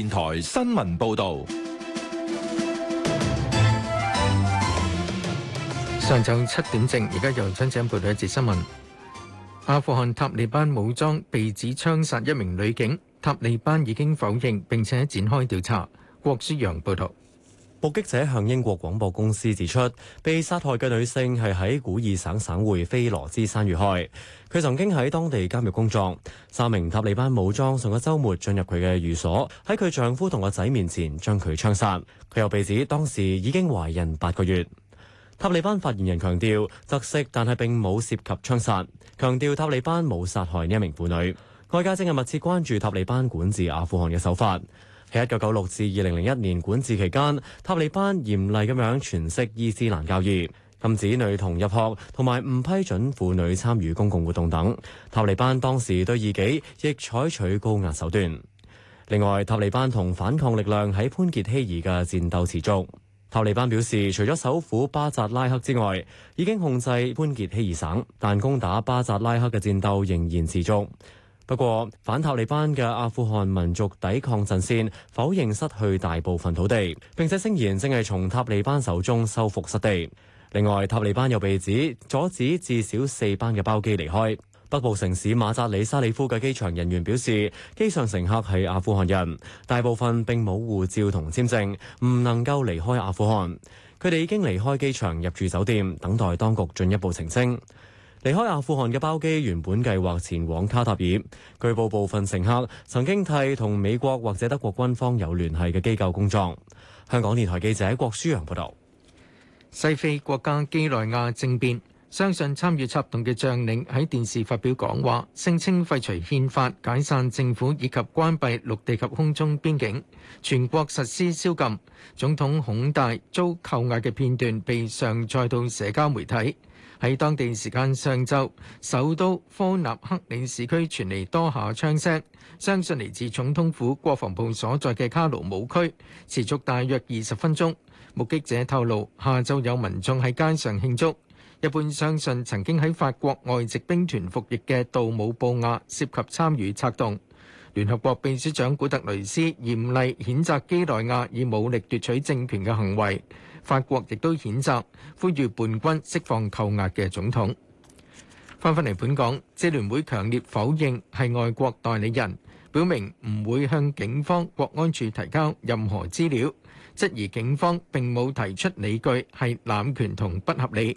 電台新聞報道，上晝七點正，而家由張姐報道一節新聞。阿富汗塔利班武裝被指槍殺一名女警，塔利班已經否認，並且展開調查。郭書陽報道。目擊者向英國廣播公司指出，被殺害嘅女性係喺古爾省省會菲羅茲山遇害。佢曾經喺當地監獄工作。三名塔利班武裝上個週末進入佢嘅寓所，喺佢丈夫同個仔面前將佢槍殺。佢又被指當時已經懷孕八個月。塔利班發言人強調，窒息，但係並冇涉及槍殺，強調塔利班冇殺害呢一名婦女。外界正係密切關注塔利班管治阿富汗嘅手法。喺一九九六至二零零一年管治期間，塔利班嚴厲咁樣詮釋伊斯蘭教義，禁止女童入學，同埋唔批准婦女參與公共活動等。塔利班當時對異己亦採取高壓手段。另外，塔利班同反抗力量喺潘傑希爾嘅戰鬥持續。塔利班表示，除咗首府巴扎拉克之外，已經控制潘傑希爾省，但攻打巴扎拉克嘅戰鬥仍然持續。不過，反塔利班嘅阿富汗民族抵抗陣線否認失去大部分土地，並且聲言正係從塔利班手中收復失地。另外，塔利班又被指阻止至少四班嘅包機離開。北部城市馬扎里沙里夫嘅機場人員表示，機上乘客係阿富汗人，大部分並冇護照同簽證，唔能夠離開阿富汗。佢哋已經離開機場，入住酒店，等待當局進一步澄清。離開阿富汗嘅包機原本計劃前往卡塔爾，據報部分乘客曾經替同美國或者德國軍方有聯繫嘅機構工作。香港電台記者郭舒揚報道：西非國家幾內亞政變。相信參與策動嘅將領喺電視發表講話，聲稱廢除憲法、解散政府以及關閉陸地及空中邊境，全國實施宵禁。總統孔戴遭扣押嘅片段被上載到社交媒體。喺當地時間上晝，首都科納克里市區傳嚟多下槍聲，相信嚟自總統府、國防部所在嘅卡盧姆區，持續大約二十分鐘。目擊者透露，下晝有民眾喺街上慶祝。一般相信，曾經喺法國外籍兵團服役嘅杜姆布亞涉及參與策動。聯合國秘書長古特雷斯嚴厲譴責幾內亞以武力奪取政權嘅行為。法國亦都譴責，呼籲叛軍釋放扣押嘅總統。翻返嚟本港，支聯會強烈否認係外國代理人，表明唔會向警方、國安處提交任何資料，質疑警方並冇提出理據係濫權同不合理。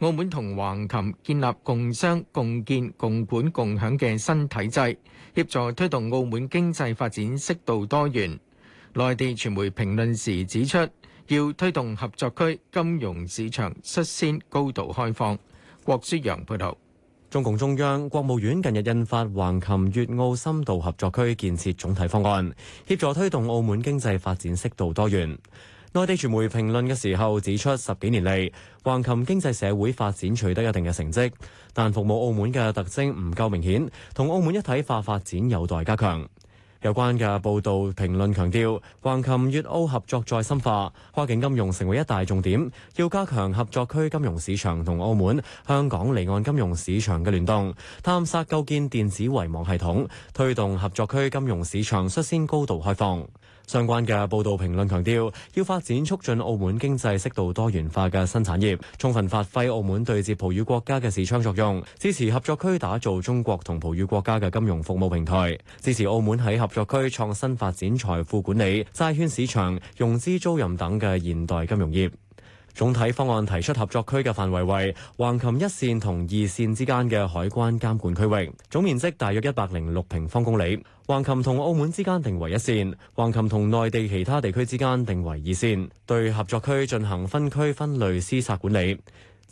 澳門同橫琴建立共商、共建、共管、共享嘅新體制，協助推動澳門經濟發展適度多元。內地傳媒評論時指出，要推動合作區金融市場率先高度開放。郭舒揚報道，中共中央、國務院近日印發「橫琴粵澳深度合作區建設總體方案」，協助推動澳門經濟發展適度多元。內地傳媒評論嘅時候指出，十幾年嚟橫琴經濟社會發展取得一定嘅成績，但服務澳門嘅特徵唔夠明顯，同澳門一體化發展有待加強。有關嘅報導評論強調，橫琴粵澳合作再深化，跨境金融成為一大重點，要加強合作區金融市場同澳門、香港離岸金融市場嘅聯動，探索構建電子圍網系統，推動合作區金融市場率先高度開放。相關嘅報道評論強調，要發展促進澳門經濟適度多元化嘅新產業，充分發揮澳門對接葡語國家嘅市場作用，支持合作區打造中國同葡語國家嘅金融服務平台，支持澳門喺合作區創新發展財富管理、債券市場、融資租賃等嘅現代金融業。總體方案提出，合作區嘅範圍為橫琴一線同二線之間嘅海關監管區域，總面積大約一百零六平方公里。橫琴同澳門之間定為一線，橫琴同內地其他地區之間定為二線，對合作區進行分區分類施策管理。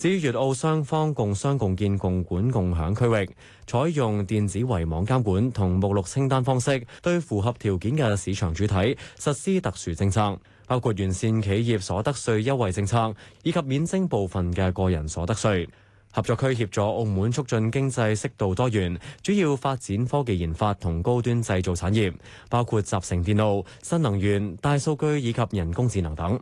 至於粵澳雙方共商共建共管共享區域，採用電子圍網監管同目錄清單方式，對符合條件嘅市場主體實施特殊政策，包括完善企業所得稅優惠政策以及免徵部分嘅個人所得稅。合作區協助澳門促進經濟適度多元，主要發展科技研發同高端製造產業，包括集成電路、新能源、大數據以及人工智能等。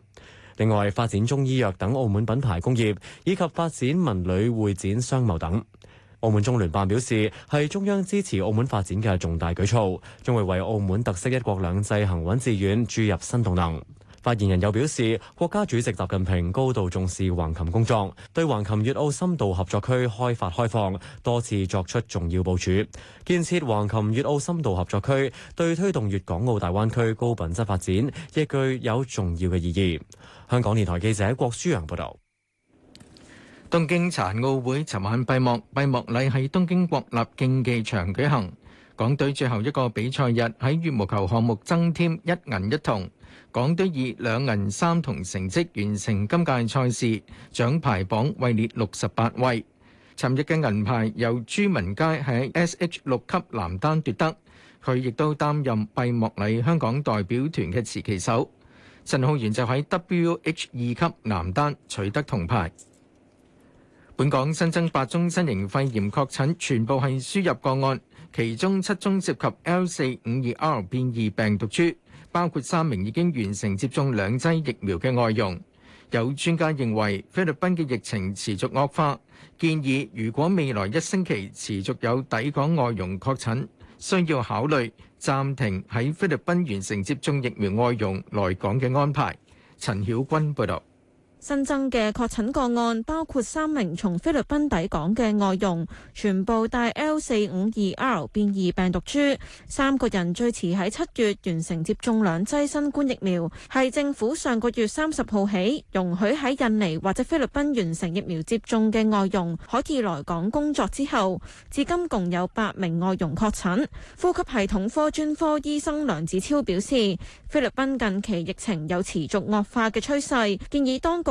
另外，發展中醫藥等澳門品牌工業以及發展文旅會展商貿等，澳門中聯辦表示，係中央支持澳門發展嘅重大舉措，將會為澳門特色一國兩制行穩致遠注入新動能。發言人又表示，國家主席習近平高度重視橫琴工作，對橫琴粵澳深度合作區開發開放，多次作出重要部署。建設橫琴粵澳深度合作區，對推動粵港澳大灣區高品質發展，亦具有重要嘅意義。香港電台記者，郭舒揚報道。東京殘奧會尋晚閉幕，閉幕禮喺東京國立競技場舉行。港隊最後一個比賽日，喺羽毛球項目增添一銀一銅。港隊以兩銀三銅成績完成今屆賽事，獎牌榜位列六十八位。尋日嘅銀牌由朱文佳喺 S.H. 六級男單奪得，佢亦都擔任閉幕禮香港代表團嘅持旗手。陳浩源就喺 W.H. 二級男單取得銅牌。本港新增八宗新型肺炎確診，全部係輸入個案，其中七宗涉及 L. 四五二 R 變異病毒株。包括三名已經完成接種兩劑疫苗嘅外傭，有專家認為菲律賓嘅疫情持續惡化，建議如果未來一星期持續有抵港外傭確診，需要考慮暫停喺菲律賓完成接種疫苗外傭來港嘅安排。陳曉君報導。新增嘅確診個案包括三名從菲律賓抵港嘅外傭，全部帶 L 四五二 R 變異病毒株。三個人最遲喺七月完成接種兩劑新冠疫苗，係政府上個月三十號起容許喺印尼或者菲律賓完成疫苗接種嘅外傭可以來港工作之後，至今共有八名外傭確診。呼吸系統科專科醫生梁子超表示，菲律賓近期疫情有持續惡化嘅趨勢，建議當局。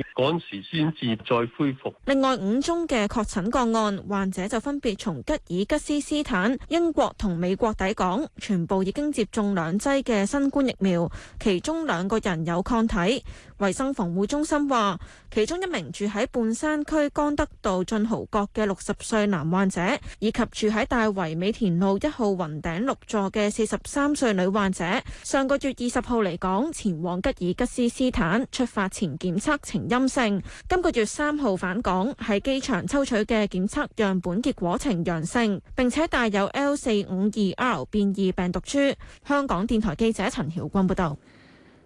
趕時先至再恢復。另外五宗嘅確診個案，患者就分別從吉爾吉斯斯坦、英國同美國抵港，全部已經接種兩劑嘅新冠疫苗，其中兩個人有抗體。衛生防護中心話，其中一名住喺半山區江德道俊豪閣嘅六十歲男患者，以及住喺大圍美田路一號雲頂六座嘅四十三歲女患者，上個月二十號嚟港，前往吉爾吉斯斯坦，出發前檢測呈陰性，今個月三號返港，喺機場抽取嘅檢測樣本結果呈陽性，並且帶有 L 四五二 R 變異病毒株。香港電台記者陳曉君報道。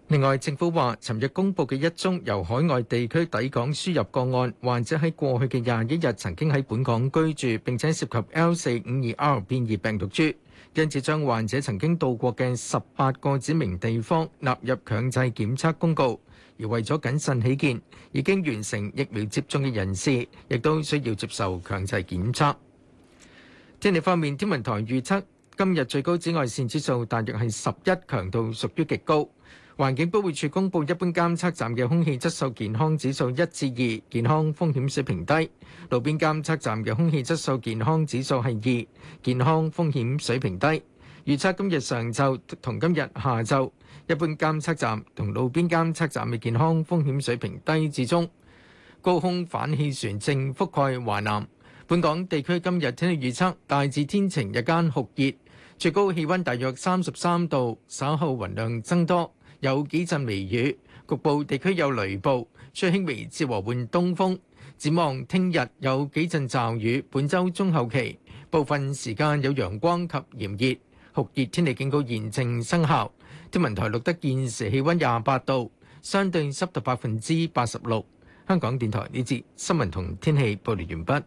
另外，政府話，尋日公布嘅一宗由海外地區抵港輸入個案，患者喺過去嘅廿一日曾經喺本港居住，並且涉及 L 四五二 R 變異病毒株，因此將患者曾經到過嘅十八個指明地方納入強制檢測公告。而為咗謹慎起見，已經完成疫苗接種嘅人士亦都需要接受強制檢測。天氣方面，天文台預測今日最高紫外線指數大約係十一，強度屬於極高。環境保護署公布，一般監測站嘅空氣質素健康指數一至二，健康風險水平低；路邊監測站嘅空氣質素健康指數係二，健康風險水平低。預測今日上晝同今日下晝，一般監測站同路邊監測站嘅健康風險水平低至中。高空反氣旋正覆蓋華南，本港地區今日天氣預測大致天晴，日間酷熱，最高氣温大約三十三度，稍後雲量增多。有幾陣微雨，局部地區有雷暴，吹輕微至和緩東風。展望聽日有幾陣驟雨，本週中後期部分時間有陽光及炎熱。酷熱天氣警告現正生效。天文台錄得現時氣温廿八度，相對濕度百分之八十六。香港電台呢節新聞同天氣報道完畢。